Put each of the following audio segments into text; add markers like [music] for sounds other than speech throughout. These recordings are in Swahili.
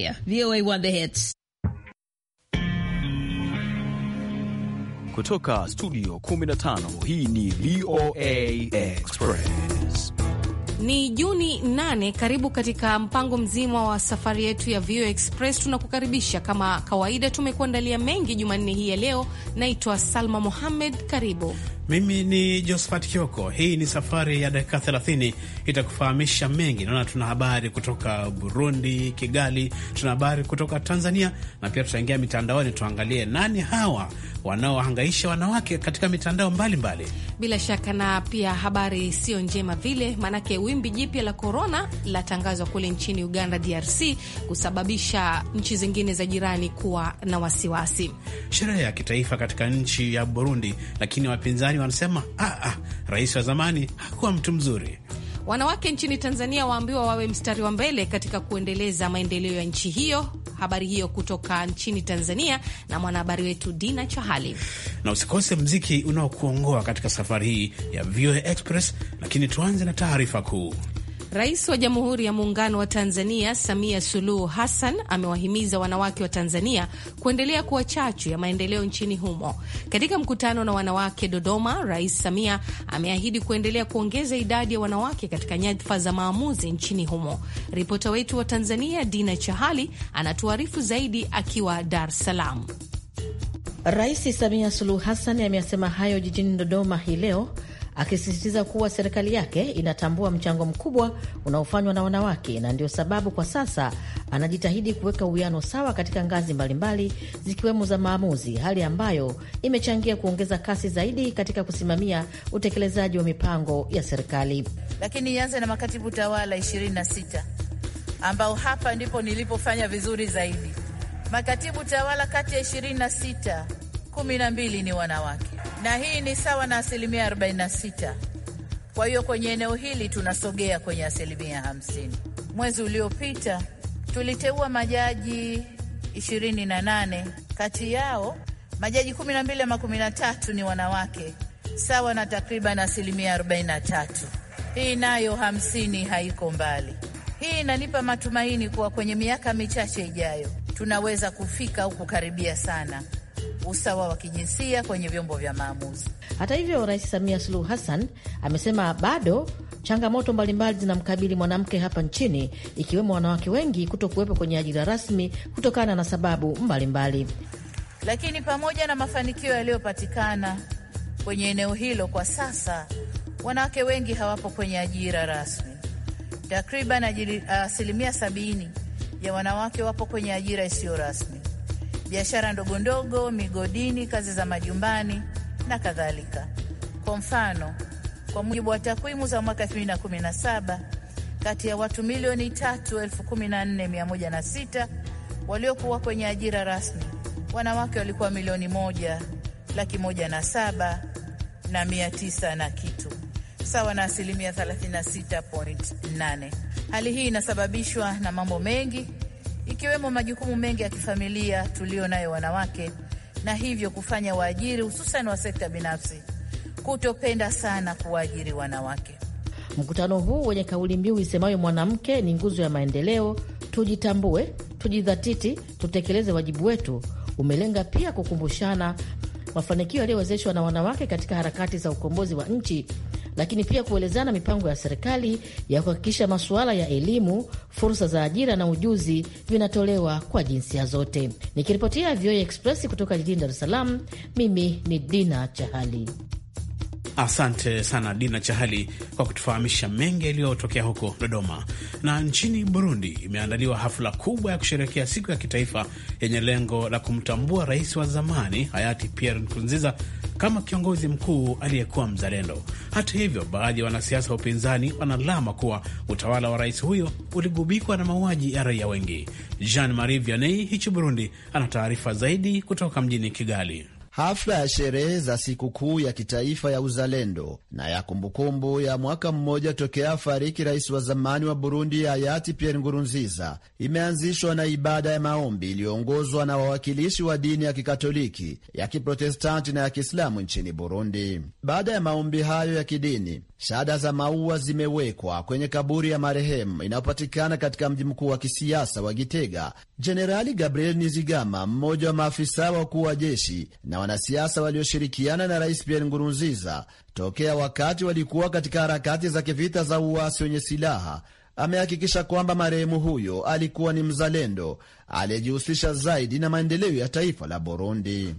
Yeah, VOA won the hits. Kutoka studio 15 hii ni VOA Express. Ni Juni 8. Karibu katika mpango mzima wa safari yetu ya VOA Express. Tunakukaribisha kama kawaida, tumekuandalia mengi Jumanne hii ya leo. Naitwa Salma Mohamed, karibu. Mimi ni Josephat Kioko. Hii ni safari ya dakika 30 itakufahamisha mengi. Naona tuna habari kutoka Burundi, Kigali, tuna habari kutoka Tanzania na pia tutaingia mitandaoni, tuangalie nani hawa wanaohangaisha wanawake katika mitandao mbalimbali mbali. Bila shaka na pia habari sio njema vile, maanake wimbi jipya la korona latangazwa kule nchini Uganda, DRC, kusababisha nchi zingine za jirani kuwa na wasiwasi. Sherehe ya kitaifa katika nchi ya Burundi, lakini wapinzani wanasema ah, ah, rais wa zamani hakuwa mtu mzuri. Wanawake nchini Tanzania waambiwa wawe mstari wa mbele katika kuendeleza maendeleo ya nchi hiyo. Habari hiyo kutoka nchini Tanzania na mwanahabari wetu Dina Chahali. Na usikose mziki unaokuongoa katika safari hii ya VOA Express, lakini tuanze na taarifa kuu. Rais wa Jamhuri ya Muungano wa Tanzania Samia Suluhu Hassan amewahimiza wanawake wa Tanzania kuendelea kuwa chachu ya maendeleo nchini humo. Katika mkutano na wanawake Dodoma, Rais Samia ameahidi kuendelea kuongeza idadi ya wanawake katika nyadhifa za maamuzi nchini humo. Ripota wetu wa Tanzania Dina Chahali anatuarifu zaidi akiwa Dar es Salaam. Rais Samia Suluhu Hassan ameyasema hayo jijini Dodoma hii leo akisisitiza kuwa serikali yake inatambua mchango mkubwa unaofanywa na wanawake na ndio sababu kwa sasa anajitahidi kuweka uwiano sawa katika ngazi mbalimbali zikiwemo za maamuzi, hali ambayo imechangia kuongeza kasi zaidi katika kusimamia utekelezaji wa mipango ya serikali. Lakini ianze na makatibu tawala 26 ambao hapa ndipo nilipofanya vizuri zaidi. Makatibu tawala kati ya 26, 12 ni wanawake na hii ni sawa na asilimia 46. Kwa hiyo kwenye eneo hili tunasogea kwenye asilimia 50. Mwezi uliopita tuliteua majaji 28, kati yao majaji 12 ama 13 ni wanawake, sawa na takriban asilimia 43. Hii nayo 50 haiko mbali. Hii inanipa matumaini kuwa kwenye miaka michache ijayo tunaweza kufika au kukaribia sana usawa wa kijinsia kwenye vyombo vya maamuzi. Hata hivyo, Rais Samia Suluhu Hassan amesema bado changamoto mbalimbali zinamkabili mwanamke hapa nchini, ikiwemo wanawake wengi kuto kuwepo kwenye ajira rasmi kutokana na sababu mbalimbali mbali. Lakini pamoja na mafanikio yaliyopatikana kwenye eneo hilo, kwa sasa wanawake wengi hawapo kwenye ajira rasmi. Takriban asilimia sabini ya wanawake wapo kwenye ajira isiyo rasmi biashara ndogo ndogo, migodini, kazi za majumbani na kadhalika. Kwa mfano, kwa mujibu wa takwimu za mwaka 2017 kati ya watu milioni 3,14106 waliokuwa kwenye ajira rasmi, wanawake walikuwa milioni moja laki moja na saba na mia tisa na kitu, sawa na asilimia 36.8. Hali hii inasababishwa na mambo mengi ikiwemo majukumu mengi ya kifamilia tulio nayo wanawake, na hivyo kufanya waajiri hususan wa sekta binafsi kutopenda sana kuwaajiri wanawake. Mkutano huu wenye kauli mbiu isemayo mwanamke ni nguzo ya maendeleo, tujitambue, tujidhatiti, tutekeleze wajibu wetu, umelenga pia kukumbushana mafanikio yaliyowezeshwa na wanawake katika harakati za ukombozi wa nchi lakini pia kuelezana mipango ya serikali ya kuhakikisha masuala ya elimu, fursa za ajira na ujuzi vinatolewa kwa jinsia zote. Nikiripotia VOA Express kutoka jijini Dar es Salaam, mimi ni Dina Chahali. Asante sana Dina Chahali kwa kutufahamisha mengi yaliyotokea huko Dodoma. Na nchini Burundi imeandaliwa hafla kubwa ya kusherehekea siku ya kitaifa yenye lengo la kumtambua rais wa zamani hayati Pierre Nkurunziza kama kiongozi mkuu aliyekuwa mzalendo. Hata hivyo, baadhi ya wanasiasa wa upinzani wanalama kuwa utawala wa rais huyo uligubikwa na mauaji ya raia wengi. Jean Marie Vianney hichi Burundi ana taarifa zaidi kutoka mjini Kigali. Hafla ya sherehe za sikukuu ya kitaifa ya uzalendo na ya kumbukumbu ya mwaka mmoja tokea afariki rais wa zamani wa Burundi hayati Pierre ngurunziza imeanzishwa na ibada ya maombi iliyoongozwa na wawakilishi wa dini ya Kikatoliki, ya Kiprotestanti na ya Kiislamu nchini Burundi. Baada ya maombi hayo ya kidini Shada za maua zimewekwa kwenye kaburi ya marehemu inayopatikana katika mji mkuu wa kisiasa wa Gitega. Jenerali Gabriel Nizigama, mmoja wa maafisa wakuu wa jeshi na wanasiasa walioshirikiana na Rais Pierre Ngurunziza tokea wakati walikuwa katika harakati za kivita za uasi wenye silaha, amehakikisha kwamba marehemu huyo alikuwa ni mzalendo aliyejihusisha zaidi na maendeleo ya taifa la Burundi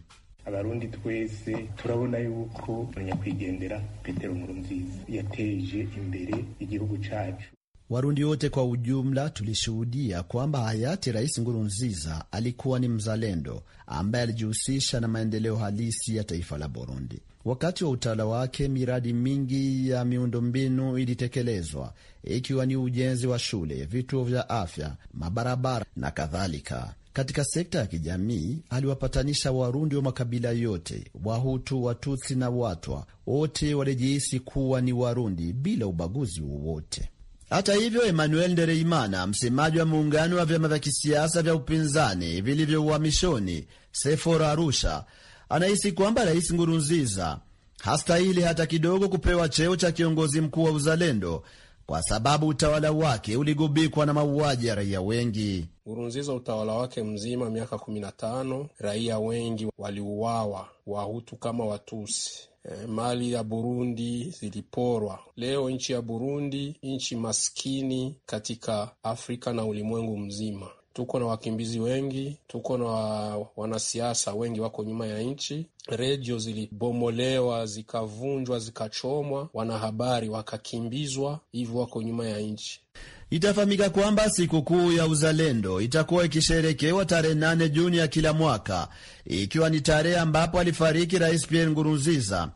abarundi twese turabona yuko nyakwigendera Petero Nkurunziza yateje imbere igihugu cyacu. Warundi wote kwa ujumla tulishuhudia kwamba hayati Rais nziza alikuwa ni mzalendo ambaye alijihusisha na maendeleo halisi ya taifa la Burundi. Wakati wa utawala wake, miradi mingi ya miundombinu ilitekelezwa, ikiwa ni ujenzi wa shule, vituo vya afya, mabarabara na kadhalika. Katika sekta ya kijamii aliwapatanisha Warundi wa makabila yote, Wahutu, Watutsi na Watwa, wote walijihisi kuwa ni Warundi bila ubaguzi wowote. Hata hivyo, Emmanuel Ndereimana, msemaji wa muungano wa vyama vya kisiasa vya upinzani vilivyo uhamishoni Sefora Arusha, anahisi kwamba Rais Ngurunziza hastahili hata kidogo kupewa cheo cha kiongozi mkuu wa uzalendo kwa sababu utawala wake uligubikwa na mauaji ya raia wengi. Nkurunziza utawala wake mzima miaka kumi na tano raia wengi waliuawa, wahutu kama watusi. E, mali ya Burundi ziliporwa. Leo nchi ya Burundi nchi maskini katika Afrika na ulimwengu mzima tuko na wakimbizi wengi, tuko na wanasiasa wengi wako nyuma ya nchi. Redio zilibomolewa zikavunjwa zikachomwa, wanahabari wakakimbizwa, hivyo wako nyuma ya nchi. Itafahamika kwamba sikukuu ya uzalendo itakuwa ikisherekewa tarehe 8 Juni ya kila mwaka, ikiwa ni tarehe ambapo alifariki Rais Pierre Nkurunziza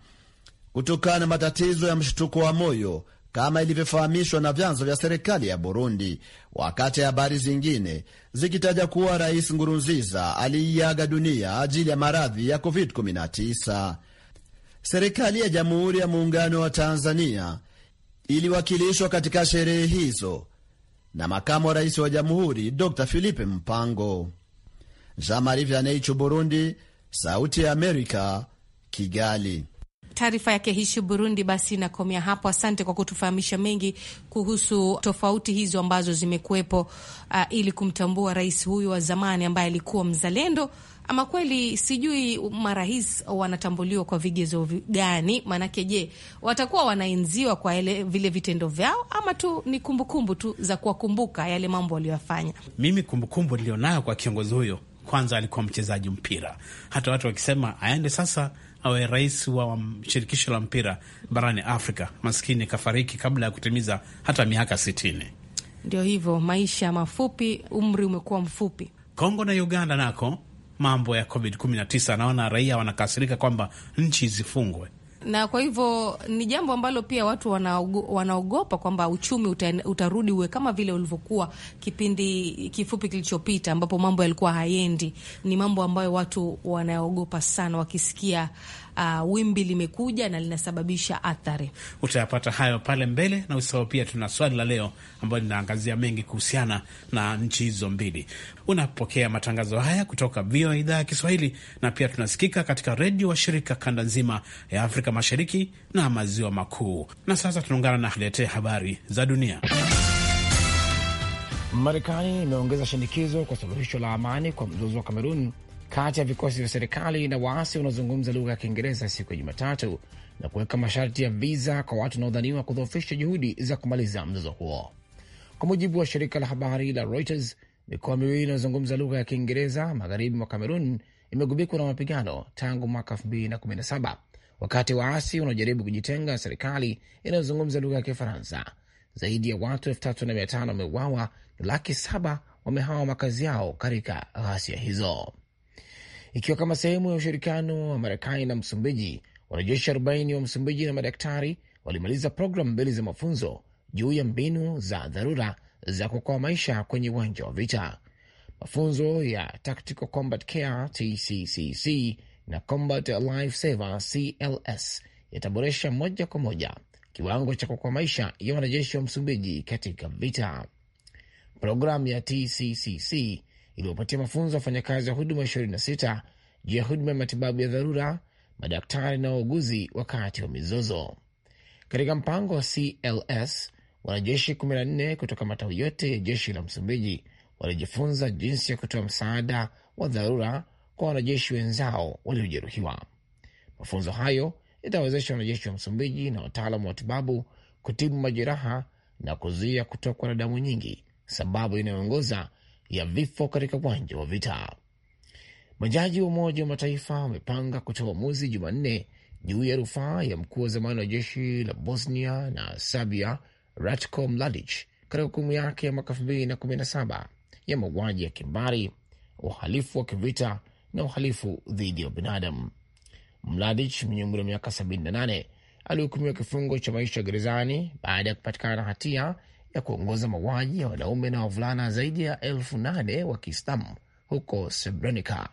kutokana na matatizo ya mshtuko wa moyo kama ilivyofahamishwa na vyanzo vya serikali ya Burundi, wakati habari zingine zikitaja kuwa Rais Ngurunziza aliiaga dunia ajili ya maradhi ya COVID-19. Serikali ya Jamhuri ya Muungano wa Tanzania iliwakilishwa katika sherehe hizo na makamu wa rais wa jamhuri Dr filipe Mpango. Jean Marie Vianney, Burundi, Sauti ya Amerika, Kigali. Taarifa yake hishi Burundi basi inakomea hapo. Asante kwa kutufahamisha mengi kuhusu tofauti hizo ambazo zimekuwepo, uh, ili kumtambua rais huyu wa zamani ambaye alikuwa mzalendo. Ama kweli sijui marais wanatambuliwa kwa vigezo gani? Maanake je, watakuwa wanaenziwa kwa ele, vile vitendo vyao ama tu ni kumbukumbu tu za kuwakumbuka yale mambo waliyoyafanya? Mimi kumbukumbu nilionayo kwa kiongozi huyo, kwanza alikuwa mchezaji mpira, hata watu wakisema aende sasa awe rais wa shirikisho la mpira barani Afrika. Maskini kafariki kabla ya kutimiza hata miaka sitini. Ndio hivyo, maisha mafupi, umri umekuwa mfupi. Kongo na Uganda nako mambo ya COVID 19, naona raia wanakasirika kwamba nchi zifungwe na kwa hivyo ni jambo ambalo pia watu wanaogopa, kwamba uchumi utarudi uwe kama vile ulivyokuwa kipindi kifupi kilichopita, ambapo mambo yalikuwa hayendi. Ni mambo ambayo watu wanaogopa sana wakisikia uh, wimbi limekuja na linasababisha athari. Utayapata hayo pale mbele, na usisahau pia tuna swali la leo ambayo linaangazia mengi kuhusiana na nchi hizo mbili. Unapokea matangazo haya kutoka VOA idhaa ya Kiswahili, na pia tunasikika katika redio wa shirika kanda nzima ya Afrika Mashariki na Maziwa Makuu. Na sasa tunaungana na letea habari za dunia. Marekani imeongeza shinikizo kwa suluhisho la amani kwa mzozo wa Kamerun kati ya vikosi vya serikali na waasi wanaozungumza lugha ya Kiingereza siku ya Jumatatu na kuweka masharti ya viza kwa watu wanaodhaniwa kudhoofisha juhudi za kumaliza mzozo huo. Kwa mujibu wa shirika la habari la Reuters, mikoa miwili inayozungumza lugha ya Kiingereza magharibi mwa Kamerun imegubikwa na mapigano tangu mwaka 2017 wakati waasi wanaojaribu kujitenga na serikali inayozungumza lugha ya Kifaransa. Zaidi ya watu 35 wameuawa na laki saba wamehama makazi yao katika ghasia hizo ikiwa kama sehemu ya ushirikiano wa Marekani na Msumbiji. Wanajeshi 40 wa Msumbiji na madaktari walimaliza programu mbili za mafunzo juu ya mbinu za dharura za kuokoa maisha kwenye uwanja wa vita. Mafunzo ya Tactical Combat Care TCCC na Combat Life Saver CLS yataboresha moja kwa moja kiwango cha kuokoa maisha ya wanajeshi wa Msumbiji katika vita. Programu ya TCCC iliyopatia mafunzo wafanyakazi wa huduma sita juu ya huduma ya matibabu ya dharura, madaktari na wauguzi wakati wa mizozo. Katika mpango wa CLS, wanajeshi 14 kutoka matawi yote ya jeshi la Msumbiji walijifunza jinsi ya kutoa msaada wa dharura kwa wanajeshi wenzao waliojeruhiwa. Mafunzo hayo yatawezesha wanajeshi wa Msumbiji na wataalam wa matibabu kutibu majeraha na kuzuia kutokwa na damu nyingi, sababu inayoongoza ya vifo katika uwanja wa vita. Majaji wa Umoja wa Mataifa wamepanga kutoa uamuzi Jumanne juu ya rufaa ya mkuu wa zamani wa jeshi la Bosnia na Serbia Ratko Mladic katika hukumu yake ya mwaka 2017 ya mauaji ya kimbari, uhalifu wa kivita na uhalifu dhidi ya binadamu. Mladic mwenye umri wa miaka 78 alihukumiwa kifungo cha maisha gerezani baada ya kupatikana na hatia ya kuongoza mauaji ya wanaume na wavulana zaidi ya elfu nane wa Kiislamu huko Srebrenica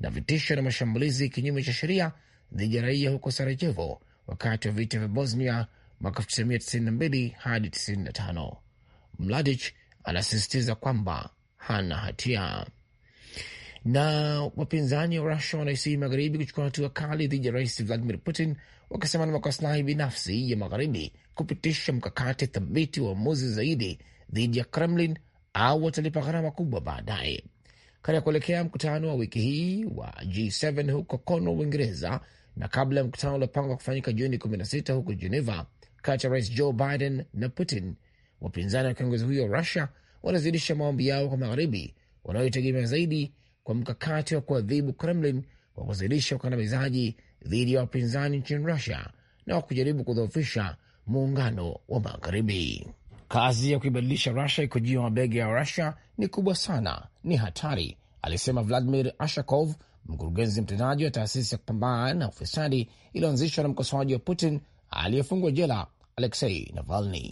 na vitisho na mashambulizi kinyume cha sheria dhidi ya raia huko Sarajevo wakati wa vita vya Bosnia mwaka 1992 hadi 95. Mladich anasisitiza kwamba hana hatia. Na wapinzani wa Rusia wanaisii magharibi kuchukua hatua kali dhidi ya rais Vladimir Putin wakisema ni makosnahi binafsi ya magharibi kupitisha mkakati thabiti wa uamuzi zaidi dhidi ya Kremlin au watalipa gharama kubwa baadaye. Katika kuelekea mkutano wa wiki hii wa G7 huko Cornwall, Uingereza, na kabla ya mkutano uliopangwa kufanyika Juni 16 huko Geneva kati ya Rais Joe Biden na Putin, wapinzani wa kiongozi huyo wa Russia wanazidisha maombi yao kwa magharibi wanaoitegemea zaidi kwa mkakati wa kuadhibu Kremlin kwa kuzidisha ukandamizaji dhidi ya wapinzani nchini Rusia na wa kujaribu kudhoofisha muungano wa Magharibi. Kazi ya kuibadilisha Rusia iko juu ya mabega ya Rusia ni kubwa sana, ni hatari, alisema Vladimir Ashakov, mkurugenzi mtendaji wa taasisi ya kupambana na ufisadi iliyoanzishwa na mkosoaji wa Putin aliyefungwa jela Aleksei Navalny.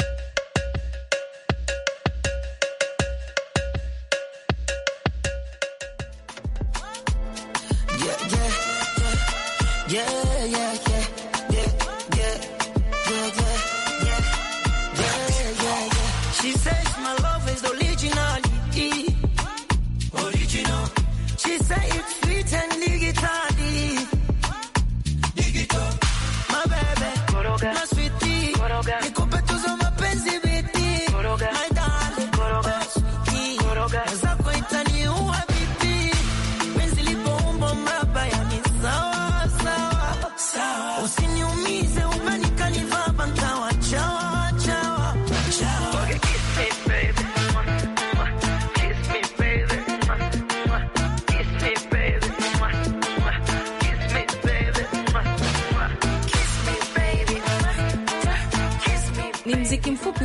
My love is the original.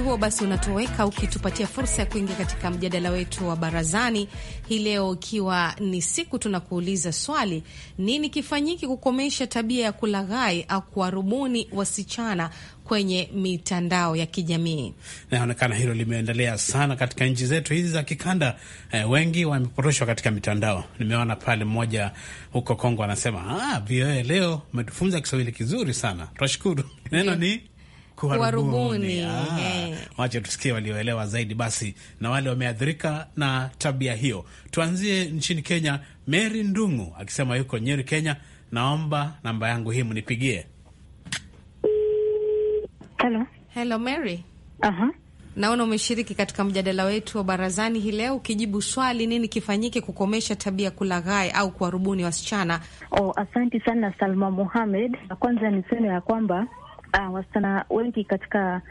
huo basi unatoweka ukitupatia fursa ya kuingia katika mjadala wetu wa barazani hii leo, ikiwa ni siku tunakuuliza swali, nini kifanyike kukomesha tabia ya kulaghai au kuwarubuni wasichana kwenye mitandao ya kijamii. Inaonekana hilo limeendelea sana katika nchi zetu hizi za kikanda. Eh, wengi wamepotoshwa katika mitandao. Nimeona pale mmoja huko Kongo anasema ah, VOA leo umetufunza Kiswahili kizuri sana, twashukuru. Neno ni kuharubuni. Ah, eh. Wacha tusikie walioelewa zaidi basi na wale wameathirika na tabia hiyo. Tuanzie nchini Kenya. Mary Ndungu akisema yuko Nyeri, Kenya, naomba namba yangu hii mnipigie. Hello. Hello Mary. Uh-huh. Naona umeshiriki katika mjadala wetu wa barazani hii leo ukijibu swali nini kifanyike kukomesha tabia kulaghai au kuwarubuni wasichana. Oh, asanti sana Salma Muhamed. Kwanza niseme ya kwamba uh, wasichana wengi katika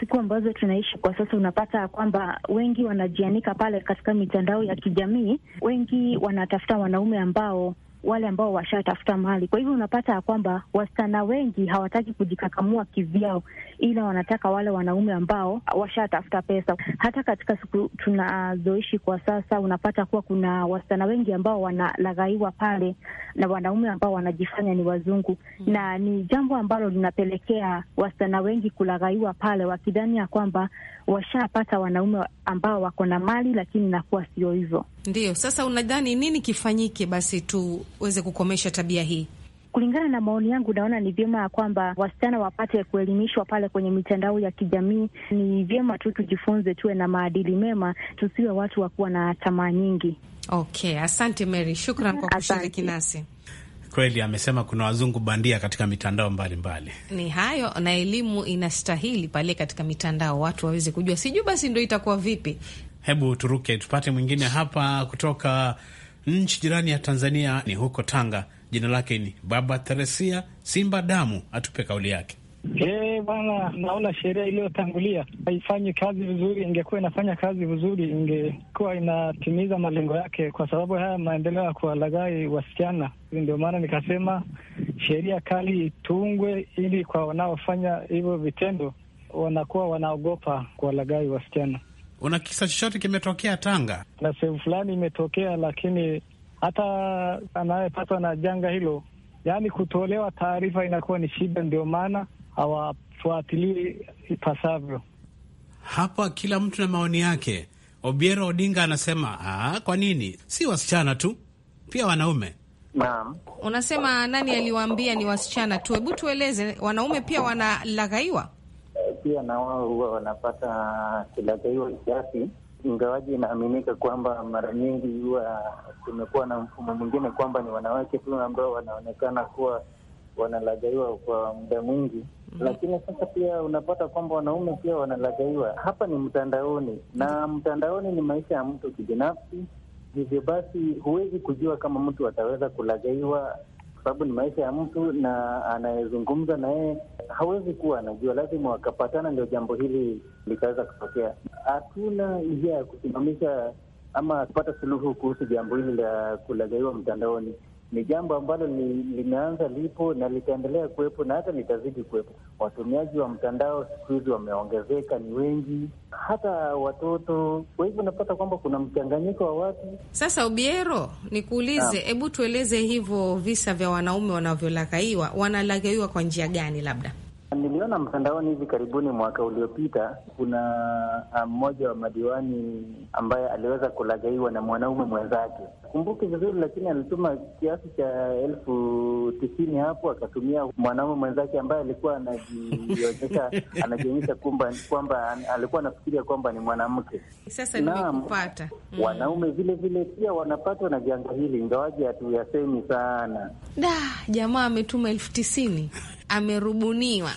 siku ambazo tunaishi kwa sasa, unapata kwamba wengi wanajianika pale katika mitandao ya kijamii. Wengi wanatafuta wanaume ambao wale ambao washatafuta mali Kwa hivyo unapata ya kwamba wasichana wengi hawataki kujikakamua kivyao, ila wanataka wale wanaume ambao washatafuta pesa. Hata katika siku tunazoishi kwa sasa, unapata kuwa kuna wasichana wengi ambao wanalaghaiwa pale na wanaume ambao wanajifanya ni wazungu mm. na ni jambo ambalo linapelekea wasichana wengi kulaghaiwa pale, wakidhani ya kwamba washapata wanaume ambao wako na mali, lakini inakuwa sio hivyo ndio sasa unadhani nini kifanyike basi tuweze kukomesha tabia hii? Kulingana na maoni yangu, naona ni vyema ya kwamba wasichana wapate kuelimishwa pale kwenye mitandao ya kijamii. Ni vyema tu tujifunze, tuwe na maadili mema, tusiwe watu wa kuwa na tamaa nyingi. Okay, asante Mary, shukran kwa kushiriki nasi. Kweli amesema kuna wazungu bandia katika mitandao mbalimbali mbali. Ni hayo na elimu inastahili pale katika mitandao, watu waweze kujua. Sijui basi ndo itakuwa vipi Hebu turuke tupate mwingine hapa kutoka nchi jirani ya Tanzania, ni huko Tanga. Jina lake ni Baba Theresia Simba Damu, atupe kauli yake. Hey, bwana, naona sheria iliyotangulia haifanyi kazi vizuri. Ingekuwa inafanya kazi vizuri, ingekuwa inatimiza malengo yake, kwa sababu haya maendeleo ya kuwalaghai wasichana. Ndio maana nikasema sheria kali itungwe, ili kwa wanaofanya hivyo vitendo wanakuwa wanaogopa kuwalaghai wasichana. Una kisa chochote kimetokea Tanga na sehemu fulani imetokea, lakini hata anayepatwa na janga hilo, yaani kutolewa taarifa inakuwa ni shida, ndio maana hawafuatilii ipasavyo. Hapa kila mtu na maoni yake. Obiero Odinga anasema ah, kwa nini si wasichana tu, pia wanaume? Naam, unasema nani aliwaambia ni wasichana tu? Hebu tueleze, wanaume pia wanalaghaiwa? pia na wao huwa wanapata kilaghaiwa kiasi, ingawaji inaaminika kwamba mara nyingi huwa kumekuwa na mfumo mwingine kwamba ni wanawake tu ambao wanaonekana kuwa wanalagaiwa kwa muda mwingi mm Lakini sasa pia unapata kwamba wanaume pia wanalagaiwa Hapa ni mtandaoni na mm-hmm. mtandaoni ni maisha ya mtu kibinafsi, hivyo basi huwezi kujua kama mtu ataweza kulagaiwa sababu ni maisha ya mtu na anayezungumza naye hawezi kuwa anajua, lazima wakapatana ndio jambo hili likaweza kutokea. Hatuna njia ya kusimamisha ama kupata suluhu kuhusu jambo hili la kulaghaiwa mtandaoni ni jambo ambalo li, limeanza lipo na litaendelea kuwepo na hata litazidi kuwepo. Watumiaji wa mtandao siku hizi wameongezeka, ni wengi, hata watoto. Kwa hivyo unapata kwamba kuna mchanganyiko wa watu. Sasa ubiero nikuulize, hebu tueleze hivyo visa vya wanaume wanavyolaghaiwa, wanalagaiwa kwa njia gani labda? Niliona mtandaoni hivi karibuni mwaka uliopita, kuna ah, mmoja wa madiwani ambaye aliweza kulagaiwa na mwanaume mwenzake, kumbuki vizuri, lakini alituma kiasi cha elfu tisini hapo, akatumia mwanaume mwenzake ambaye alikuwa anajionyesha [laughs] anajionyesha kwamba alikuwa anafikiria kwamba ni mwanamke. Sasa nimekupata. Mm. Wanaume vile vile pia wanapatwa na janga hili, ingawaji hatuyasemi sana. Da, jamaa ametuma elfu tisini amerubuniwa.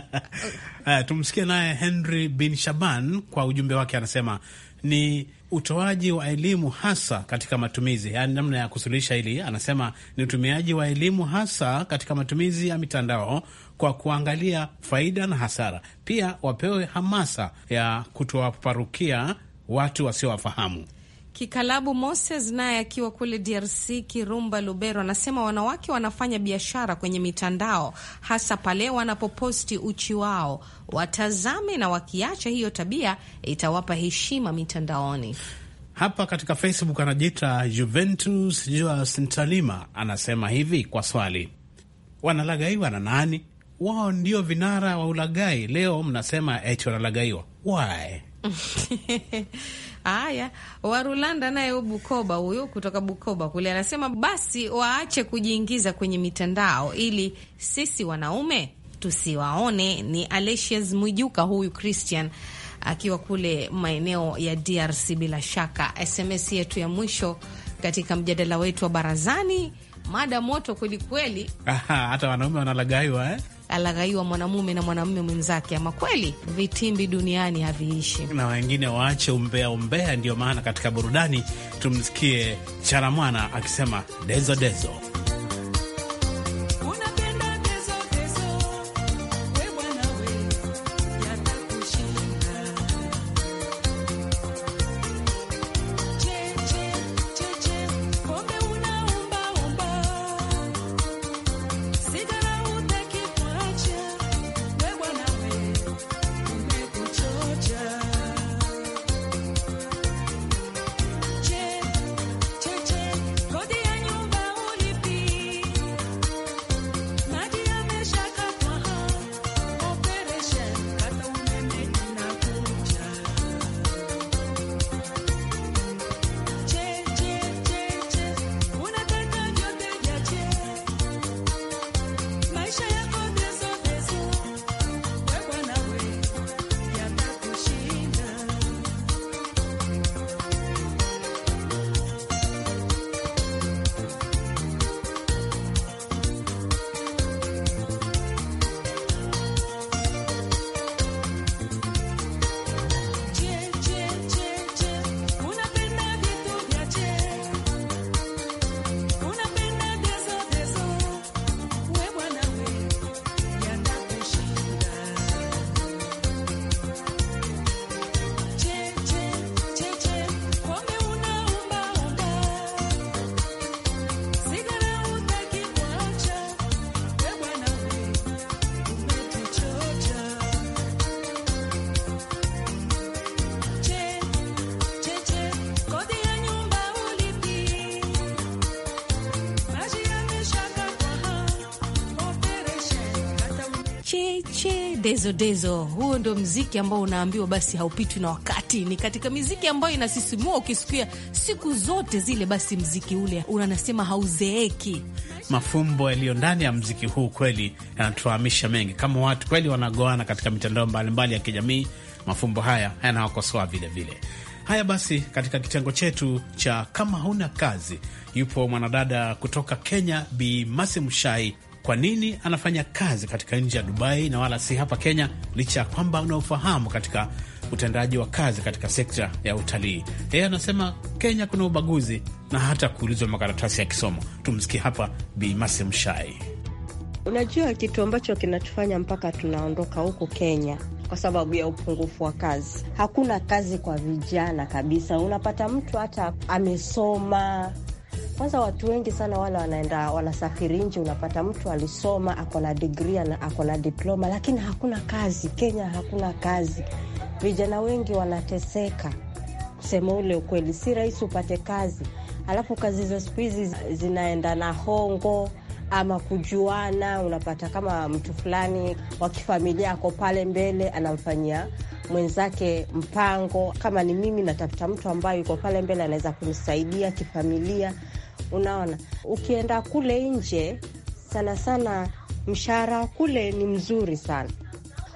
[laughs] Tumsikie naye Henry bin Shaban kwa ujumbe wake, anasema ni utoaji wa elimu hasa katika matumizi, yaani namna ya kusuluhisha hili. Anasema ni utumiaji wa elimu hasa katika matumizi ya mitandao kwa kuangalia faida na hasara. Pia wapewe hamasa ya kutowaparukia watu wasiowafahamu. Kikalabu Moses naye akiwa kule DRC, Kirumba Lubero, anasema wanawake wanafanya biashara kwenye mitandao, hasa pale wanapoposti uchi wao. Watazame na wakiacha hiyo tabia itawapa heshima mitandaoni. Hapa katika Facebook anajita Juventus Joas Ntalima, anasema hivi kwa swali, wanalagaiwa na nani? Wao ndio vinara wa ulagai. Leo mnasema eti wanalagaiwa why? [laughs] Haya, wa Rulanda naye u Bukoba, huyu kutoka Bukoba kule anasema basi waache kujiingiza kwenye mitandao ili sisi wanaume tusiwaone. Ni Alesias Mwijuka huyu Christian akiwa kule maeneo ya DRC. Bila shaka SMS yetu ya mwisho katika mjadala wetu wa barazani, mada moto kwelikweli. Hata wanaume wanalagaiwa eh? alaghaiwa mwanamume na mwanamume mwenzake. Ama kweli vitimbi duniani haviishi, na wengine waache umbea umbea. Ndiyo maana katika burudani tumsikie chanamwana akisema dezo dezo. Dezo Dezo, huo ndo mziki ambao unaambiwa basi haupitwi na wakati. Ni katika miziki ambayo inasisimua, ukisikia siku zote zile, basi mziki ule unanasema hauzeeki. Mafumbo yaliyo ndani ya mziki huu kweli yanatuhamisha mengi, kama watu kweli wanagoana katika mitandao mbalimbali ya kijamii. Mafumbo haya yanawakosoa vilevile. Haya basi, katika kitengo chetu cha kama huna kazi, yupo mwanadada kutoka Kenya, Bi Masi Mshai kwa nini anafanya kazi katika nchi ya Dubai na wala si hapa Kenya, licha ya kwamba unaofahamu katika utendaji wa kazi katika sekta ya utalii. Yeye anasema Kenya kuna ubaguzi na hata kuulizwa makaratasi ya kisomo. Tumsikie hapa Bi Mase Unajua, kitu ambacho kinatufanya mpaka tunaondoka huku Kenya kwa sababu ya upungufu wa kazi. Hakuna kazi kwa vijana kabisa. Unapata mtu hata amesoma kwanza watu wengi sana wale wanaenda wanasafiri nje, unapata mtu alisoma ako na digri na ako na diploma, lakini hakuna kazi. Kenya hakuna kazi, vijana wengi wanateseka. Kusema ule ukweli, si rahisi upate kazi, alafu kazi za siku hizi zinaenda na hongo ama kujuana. Unapata kama mtu fulani wa kifamilia ako pale mbele anamfanyia mwenzake mpango. Kama ni mimi, natafuta mtu ambaye yuko pale mbele anaweza kunisaidia kifamilia, Unaona, ukienda kule nje sana sana mshahara kule ni mzuri sana.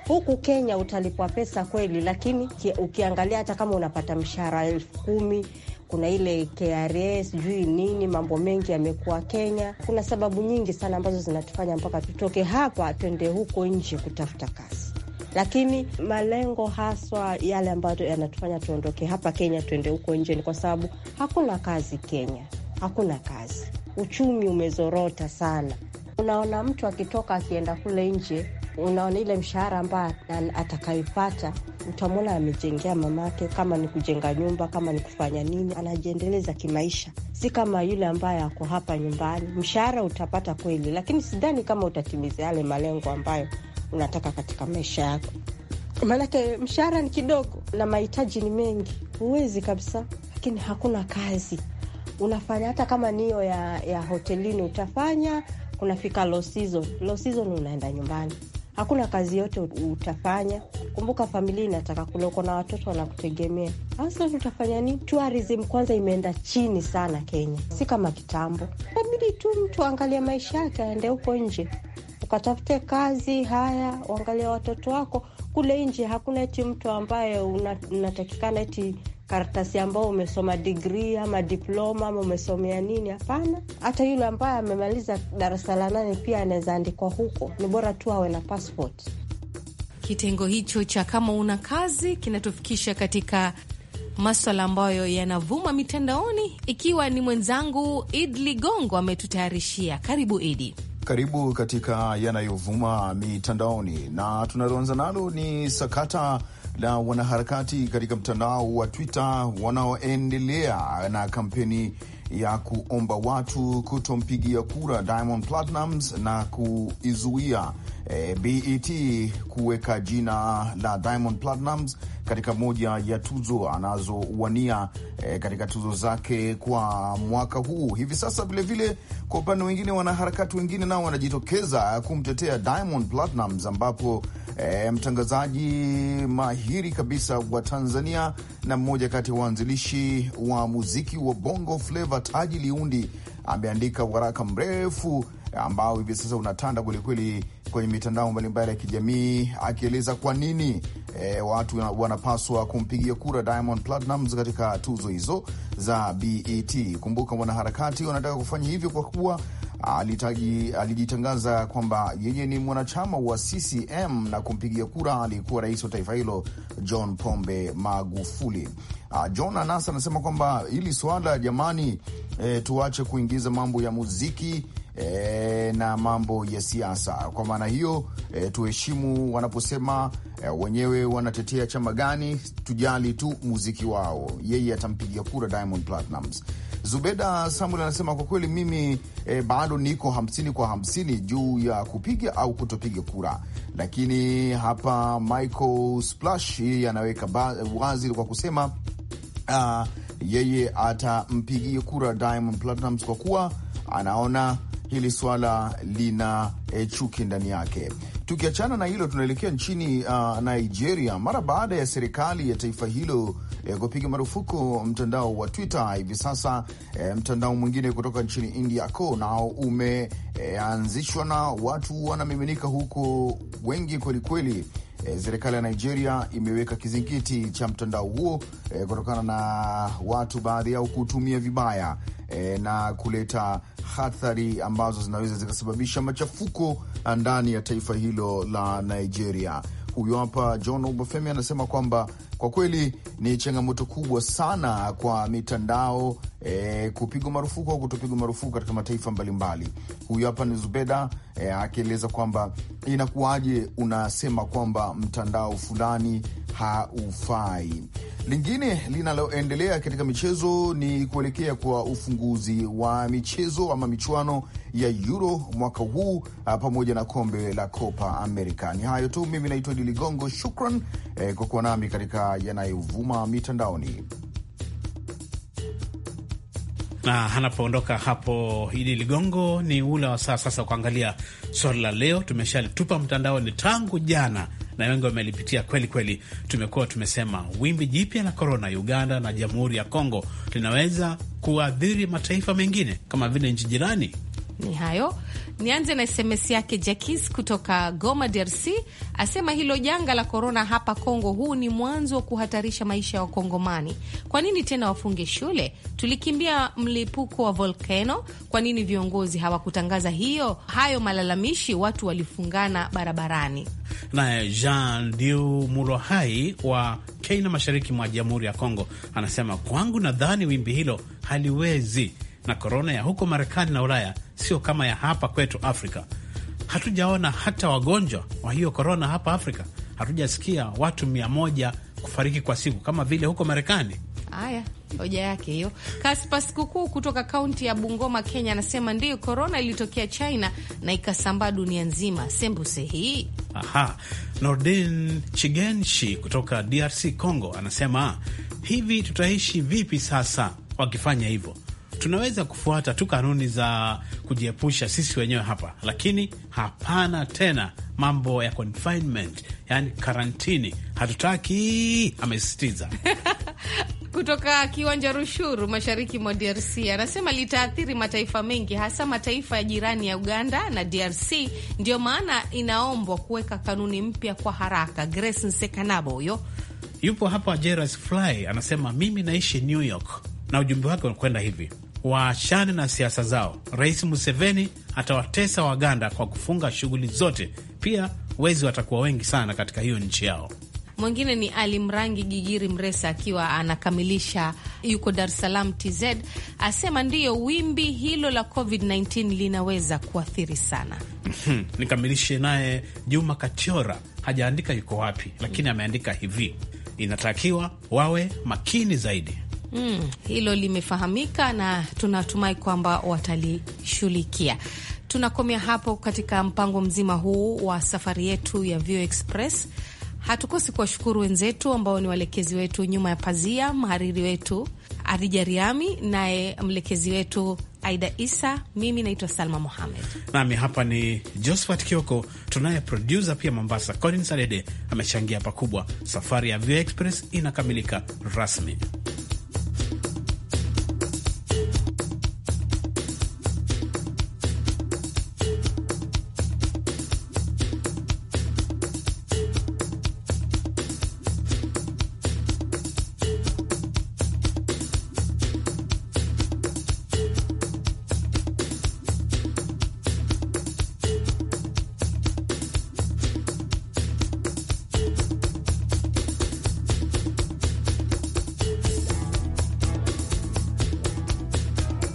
Huku Kenya utalipwa pesa kweli, lakini ukiangalia hata kama unapata mshahara elfu kumi kuna ile KRA sijui nini, mambo mengi yamekuwa Kenya. Kuna sababu nyingi sana ambazo zinatufanya mpaka tutoke hapa twende huko nje kutafuta kazi, lakini malengo haswa yale ambayo yanatufanya tuondoke hapa Kenya twende huko nje ni kwa sababu hakuna kazi Kenya hakuna kazi, uchumi umezorota sana. Unaona mtu akitoka akienda kule nje, unaona ile mshahara ambayo atakayoipata utamwona amejengea mamake, kama ni kujenga nyumba, kama ni kufanya nini, anajiendeleza kimaisha, si kama yule ambaye ako hapa nyumbani. Mshahara utapata kweli, lakini sidhani kama utatimiza yale malengo ambayo unataka katika maisha yako, maanake mshahara ni kidogo na mahitaji ni mengi, huwezi kabisa. Lakini hakuna kazi, unafanya hata kama niyo ya, ya hotelini utafanya. Kunafika low season, low season unaenda nyumbani, hakuna kazi yote utafanya. Kumbuka familia inataka kula, uko na watoto wanakutegemea. Hasa tutafanya nini? Tourism kwanza imeenda chini sana Kenya, si kama kitambo. Inabidi tu mtu aangalia maisha yake, aende huko nje ukatafute kazi. Haya, uangalia watoto wako kule nje. Hakuna eti mtu ambaye unatakikana una eti karatasi ambao umesoma digrii ama diploma ama umesomea nini. Hapana, hata yule ambaye amemaliza darasa la nane pia anaweza andikwa huko, ni bora tu awe na passport. Kitengo hicho cha kama una kazi kinatufikisha katika maswala ambayo yanavuma mitandaoni, ikiwa ni mwenzangu Idi Ligongo ametutayarishia. Karibu Idi. Karibu katika yanayovuma mitandaoni, na tunaloanza nalo ni sakata la wanaharakati katika mtandao wa Twitter wanaoendelea na kampeni ya kuomba watu kutompigia kura Diamond Platnumz na kuizuia eh, e, BET kuweka jina la Diamond Platnumz katika moja ya tuzo anazowania e, katika tuzo zake kwa mwaka huu. Hivi sasa vilevile, kwa upande mwingine, wanaharakati wengine nao wanajitokeza kumtetea Diamond Platnumz, ambapo e, mtangazaji mahiri kabisa wa Tanzania na mmoja kati ya waanzilishi wa muziki wa Bongo Flava Taji Liundi ameandika waraka mrefu ambao hivi sasa unatanda kwelikweli kwenye mitandao mbalimbali ya kijamii akieleza kwa nini e, watu wanapaswa kumpigia kura Diamond Platnumz katika tuzo hizo za BET. Kumbuka mwanaharakati wanataka kufanya hivyo kwa kuwa alitagi alijitangaza kwamba yeye ni mwanachama wa CCM na kumpigia kura aliyekuwa rais wa taifa hilo John Pombe Magufuli. John anasa anasema kwamba hili swala jamani, eh, tuache kuingiza mambo ya muziki e, na mambo ya siasa. Kwa maana hiyo e, tuheshimu wanaposema e, wenyewe wanatetea chama gani, tujali tu muziki wao. Yeye atampigia kura Diamond Platnumz. Zubeda Samuel anasema kwa kweli mimi e, bado niko hamsini kwa hamsini juu ya kupiga au kutopiga kura, lakini hapa Michael Splash yeye anaweka wazi kwa kusema uh, yeye atampigia kura Diamond Platnumz kwa kuwa anaona hili swala lina e, chuki ndani yake. Tukiachana na hilo, tunaelekea nchini uh, Nigeria mara baada ya serikali ya taifa hilo e, kupiga marufuku mtandao wa Twitter. Hivi sasa e, mtandao mwingine kutoka nchini India ko nao umeanzishwa e, na watu wanamiminika huko wengi kwelikweli E, serikali ya Nigeria imeweka kizingiti cha mtandao huo e, kutokana na watu baadhi yao kuutumia vibaya e, na kuleta hatari ambazo zinaweza zikasababisha machafuko ndani ya taifa hilo la Nigeria. huyu hapa John Obafemi anasema kwamba kwa kweli ni changamoto kubwa sana kwa mitandao e, kupigwa marufuku au kutopigwa marufuku katika mataifa mbalimbali. Huyu hapa ni Zubeda e, akieleza kwamba inakuwaje unasema kwamba mtandao fulani haufai. Lingine linaloendelea katika michezo ni kuelekea kwa ufunguzi wa michezo ama michuano ya Euro mwaka huu pamoja na kombe la Copa America. Ni hayo tu, mimi naitwa Idi Ligongo, shukran eh, kwa kuwa nami katika yanayovuma mitandaoni na anapoondoka hapo Idi Ligongo, ni ule wa saa sasa kuangalia swali la leo. Tumeshalitupa mtandaoni tangu jana na wengi wamelipitia kweli kweli. Tumekuwa tumesema wimbi jipya la korona Uganda na Jamhuri ya Kongo linaweza kuadhiri mataifa mengine kama vile nchi jirani. Ni hayo Nianze na SMS yake Jakis kutoka Goma, DRC, asema hilo janga la korona hapa Kongo, huu ni mwanzo wa kuhatarisha maisha ya Wakongomani. Kwa nini tena wafunge shule? Tulikimbia mlipuko wa volcano kwa nini viongozi hawakutangaza hiyo? Hayo malalamishi, watu walifungana barabarani. Naye Jean Diu Murohai wa Keina, mashariki mwa Jamhuri ya Kongo, anasema kwangu, nadhani wimbi hilo haliwezi na korona ya huko Marekani na Ulaya sio kama ya hapa kwetu Afrika. Hatujaona hata wagonjwa wa hiyo korona hapa Afrika, hatujasikia watu mia moja kufariki kwa siku kama vile huko Marekani. Haya, hoja yake hiyo. Kaspa Sikukuu kutoka kaunti ya Bungoma, Kenya, anasema ndiyo, korona ilitokea China na ikasambaa dunia nzima, sembuse hii. Aha. Nordin Chigenshi kutoka DRC Congo anasema hivi, tutaishi vipi sasa wakifanya hivyo? tunaweza kufuata tu kanuni za kujiepusha sisi wenyewe hapa, lakini hapana tena mambo ya confinement, yani karantini, hatutaki, amesisitiza. [laughs] Kutoka Kiwanja Rushuru, mashariki mwa DRC, anasema litaathiri mataifa mengi, hasa mataifa ya jirani ya Uganda na DRC. ndio maana inaombwa kuweka kanuni mpya kwa haraka. Grace Nsekanabo huyo yupo hapa. Jeras Fly anasema mimi naishi New York, na ujumbe wake unakwenda hivi waachane na siasa zao. Rais Museveni atawatesa Waganda kwa kufunga shughuli zote. Pia wezi watakuwa wengi sana katika hiyo nchi yao. Mwingine ni Ali Mrangi Gigiri Mresa akiwa anakamilisha, yuko Dar es Salaam TZ, asema ndiyo wimbi hilo la COVID-19 linaweza kuathiri sana. Hmm, nikamilishe naye Juma Kachora, hajaandika yuko wapi, lakini ameandika hivi, inatakiwa wawe makini zaidi Mm, hilo limefahamika na tunatumai kwamba watalishughulikia. Tunakomea hapo katika mpango mzima huu wa safari yetu ya Vio Express. Hatukosi kuwashukuru wenzetu ambao ni waelekezi wetu nyuma ya pazia, mhariri wetu Adija Riami, naye mlekezi wetu Aida Isa. Mimi naitwa Salma Mohamed, nami hapa ni Josphat Kioko, tunaye produsa pia Mombasa, Colin Salede amechangia pakubwa. Safari ya Vio Express inakamilika rasmi.